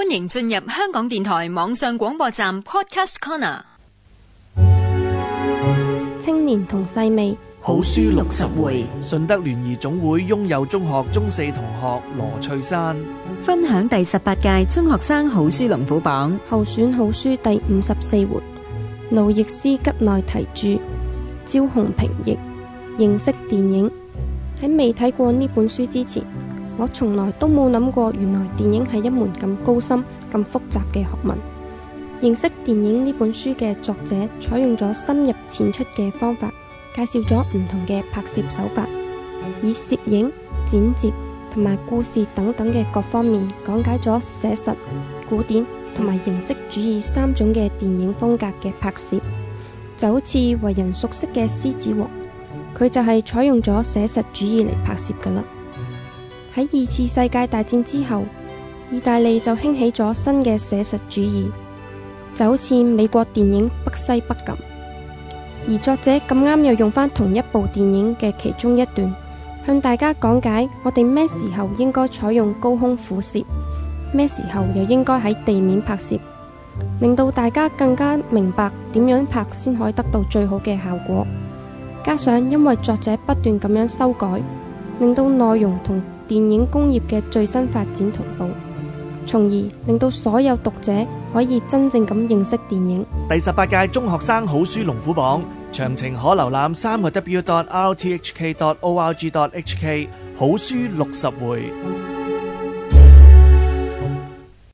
歡迎進入香港電台網上廣播站 Podcast Corner。青年同細味好書六十回。順德聯誼總會翁祐中學中四同學羅翠珊分享第十八屆中學生好書龍虎榜候選好書第五十四回。路易斯吉奈堤著，焦雄屏譯。認識電影喺未睇過呢本書之前，我從來都冇諗過，原來電影係一門咁高深、咁複雜嘅學問。認識電影呢本書嘅作者，採用咗深入淺出嘅方法，介紹咗唔同嘅拍攝手法，以攝影、剪接同埋故事等等嘅各方面，講解咗寫實、古典同埋形式主義三種嘅電影風格嘅拍攝。就好似為人熟悉嘅《獅子王》，佢就係採用咗寫實主義嚟拍攝噶啦。喺二次世界大戰之後，意大利就興起咗新嘅寫實主義，就好似美國電影《北西北》咁。而作者咁啱又用翻同一部電影嘅其中一段，向大家講解我哋咩時候應該採用高空俯攝，咩時候又應該喺地面拍攝，令到大家更加明白點樣拍先可以得到最好嘅效果。加上因為作者不斷咁樣修改，令到內容同電影工業嘅最新發展同步，從而令到所有讀者可以真正咁認識電影。第十八屆中學生好書龍虎榜，詳情可瀏覽三個 w.dot.rthk.dot.org.dot.hk 好書六十回。